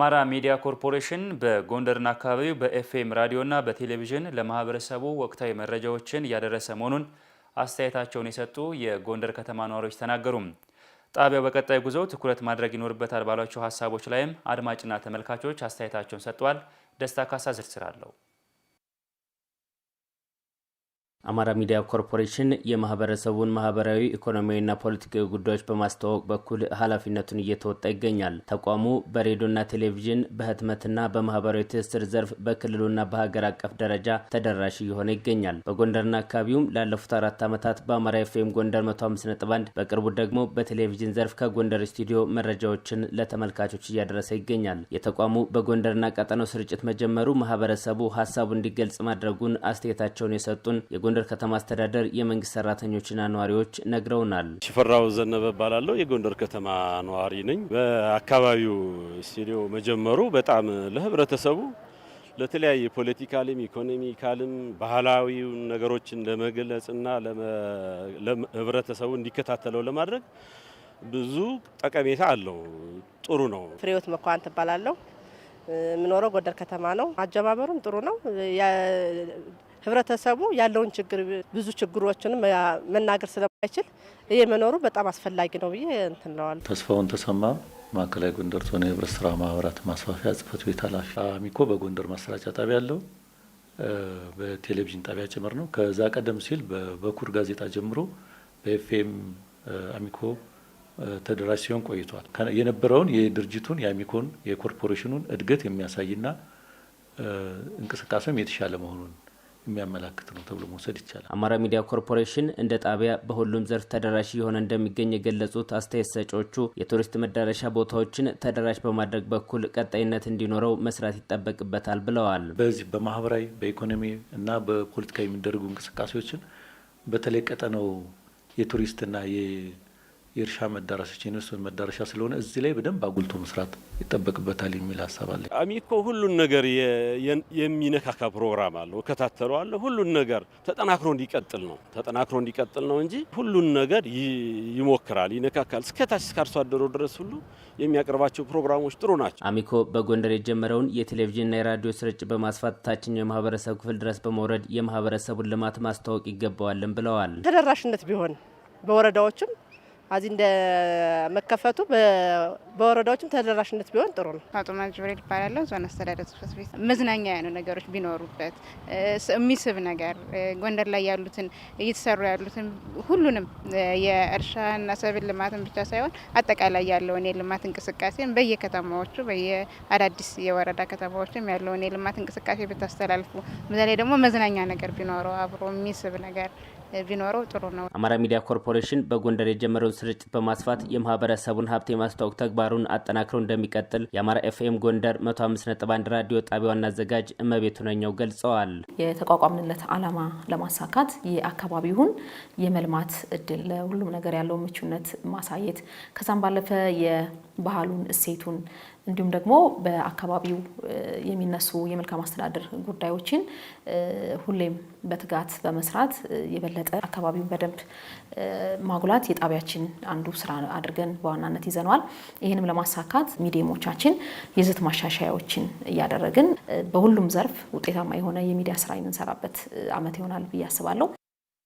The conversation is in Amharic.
አማራ ሚዲያ ኮርፖሬሽን በጎንደርና አካባቢው በኤፍኤም ራዲዮና በቴሌቪዥን ለማህበረሰቡ ወቅታዊ መረጃዎችን እያደረሰ መሆኑን አስተያየታቸውን የሰጡ የጎንደር ከተማ ነዋሪዎች ተናገሩ። ጣቢያው በቀጣይ ጉዞ ትኩረት ማድረግ ይኖርበታል ባሏቸው ሀሳቦች ላይም አድማጭና ተመልካቾች አስተያየታቸውን ሰጥተዋል። ደስታ ካሳ ዝርዝር አለው። አማራ ሚዲያ ኮርፖሬሽን የማህበረሰቡን ማህበራዊ፣ ኢኮኖሚያዊና ፖለቲካዊ ጉዳዮች በማስተዋወቅ በኩል ኃላፊነቱን እየተወጣ ይገኛል። ተቋሙ በሬዲዮና ቴሌቪዥን፣ በህትመትና በማህበራዊ ትስስር ዘርፍ በክልሉና በሀገር አቀፍ ደረጃ ተደራሽ እየሆነ ይገኛል። በጎንደርና አካባቢውም ላለፉት አራት ዓመታት በአማራ ኤፍኤም ጎንደር አንድ በቅርቡ ደግሞ በቴሌቪዥን ዘርፍ ከጎንደር ስቱዲዮ መረጃዎችን ለተመልካቾች እያደረሰ ይገኛል። የተቋሙ በጎንደርና ቀጠናው ስርጭት መጀመሩ ማህበረሰቡ ሀሳቡ እንዲገልጽ ማድረጉን አስተያየታቸውን የሰጡን የጎንደር ከተማ አስተዳደር የመንግስት ሰራተኞችና ነዋሪዎች ነግረውናል። ሽፈራው ዘነበ እባላለሁ። የጎንደር ከተማ ነዋሪ ነኝ። በአካባቢው ስቱዲዮ መጀመሩ በጣም ለህብረተሰቡ ለተለያየ ፖለቲካልም ኢኮኖሚካልም ባህላዊ ነገሮችን ለመግለጽና ህብረተሰቡ እንዲከታተለው ለማድረግ ብዙ ጠቀሜታ አለው። ጥሩ ነው። ፍሬህይወት መኳን ትባላለሁ። የምኖረው ጎንደር ከተማ ነው። አጀማመሩም ጥሩ ነው። ህብረተሰቡ ያለውን ችግር ብዙ ችግሮችንም መናገር ስለማይችል ይሄ መኖሩ በጣም አስፈላጊ ነው ብዬ እንትንለዋል። ተስፋውን ተሰማ ማዕከላዊ ጎንደር ዞን የህብረት ስራ ማህበራት ማስፋፊያ ጽህፈት ቤት ኃላፊ። አሚኮ በጎንደር ማሰራጫ ጣቢያ ያለው በቴሌቪዥን ጣቢያ ጭምር ነው። ከዛ ቀደም ሲል በበኩር ጋዜጣ ጀምሮ በኤፍኤም አሚኮ ተደራሽ ሲሆን ቆይቷል። የነበረውን የድርጅቱን የአሚኮን የኮርፖሬሽኑን እድገት የሚያሳይና እንቅስቃሴም የተሻለ መሆኑን የሚያመላክት ነው ተብሎ መውሰድ ይቻላል። አማራ ሚዲያ ኮርፖሬሽን እንደ ጣቢያ በሁሉም ዘርፍ ተደራሽ እየሆነ እንደሚገኝ የገለጹት አስተያየት ሰጪዎቹ የቱሪስት መዳረሻ ቦታዎችን ተደራሽ በማድረግ በኩል ቀጣይነት እንዲኖረው መስራት ይጠበቅበታል ብለዋል። በዚህ በማህበራዊ በኢኮኖሚ እና በፖለቲካ የሚደረጉ እንቅስቃሴዎችን በተለይ ቀጠነው የቱሪስትና የእርሻ መዳረሻች ኢንቨስትመንት መዳረሻ ስለሆነ እዚህ ላይ በደንብ አጉልቶ መስራት ይጠበቅበታል የሚል ሀሳብ አለ። አሚኮ ሁሉን ነገር የሚነካካ ፕሮግራም አለው፣ እከታተለዋለሁ። ሁሉን ነገር ተጠናክሮ እንዲቀጥል ነው ተጠናክሮ እንዲቀጥል ነው እንጂ ሁሉን ነገር ይሞክራል፣ ይነካካል። እስከ እስከ አርሶ አደሮ ድረስ ሁሉ የሚያቀርባቸው ፕሮግራሞች ጥሩ ናቸው። አሚኮ በጎንደር የጀመረውን የቴሌቪዥንና የራዲዮ ስርጭት በማስፋት ታችኛው የማህበረሰብ ክፍል ድረስ በመውረድ የማህበረሰቡን ልማት ማስተዋወቅ ይገባዋልን ብለዋል። ተደራሽነት ቢሆን በወረዳዎችም አዚህ እንደ መከፈቱ በወረዳዎችም ተደራሽነት ቢሆን ጥሩ ነው። ፋጡማ ጅብሬል እባላለሁ። ዞን አስተዳደር ጽሕፈት ቤት መዝናኛ ያሉ ነገሮች ቢኖሩበት የሚስብ ነገር ጎንደር ላይ ያሉትን እየተሰሩ ያሉትን ሁሉንም የእርሻና ሰብል ልማትን ብቻ ሳይሆን አጠቃላይ ያለውን የልማት እንቅስቃሴን በየከተማዎቹ በየአዳዲስ የወረዳ ከተማዎችም ያለውን የልማት እንቅስቃሴ ብታስተላልፉ በተለይ ደግሞ መዝናኛ ነገር ቢኖረው አብሮ የሚስብ ነገር ቢኖረው ጥሩ ነው። አማራ ሚዲያ ኮርፖሬሽን በጎንደር የጀመረውን ስርጭት በማስፋት የማህበረሰቡን ሀብት የማስተዋወቅ ተግባሩን አጠናክሮ እንደሚቀጥል የአማራ ኤፍኤም ጎንደር 105.1 ራዲዮ ጣቢያ ዋና አዘጋጅ እመቤቱ ነኘው ገልጸዋል። የተቋቋምንለት ዓላማ ለማሳካት የአካባቢውን የመልማት እድል ለሁሉም ነገር ያለው ምቹነት ማሳየት ከዛም ባለፈ የባህሉን እሴቱን እንዲሁም ደግሞ በአካባቢው የሚነሱ የመልካም አስተዳደር ጉዳዮችን ሁሌም በትጋት በመስራት የበለጠ አካባቢውን በደንብ ማጉላት የጣቢያችን አንዱ ስራ አድርገን በዋናነት ይዘነዋል። ይህንም ለማሳካት ሚዲየሞቻችን የዝት ማሻሻያዎችን እያደረግን በሁሉም ዘርፍ ውጤታማ የሆነ የሚዲያ ስራ የምንሰራበት አመት ይሆናል ብዬ አስባለሁ።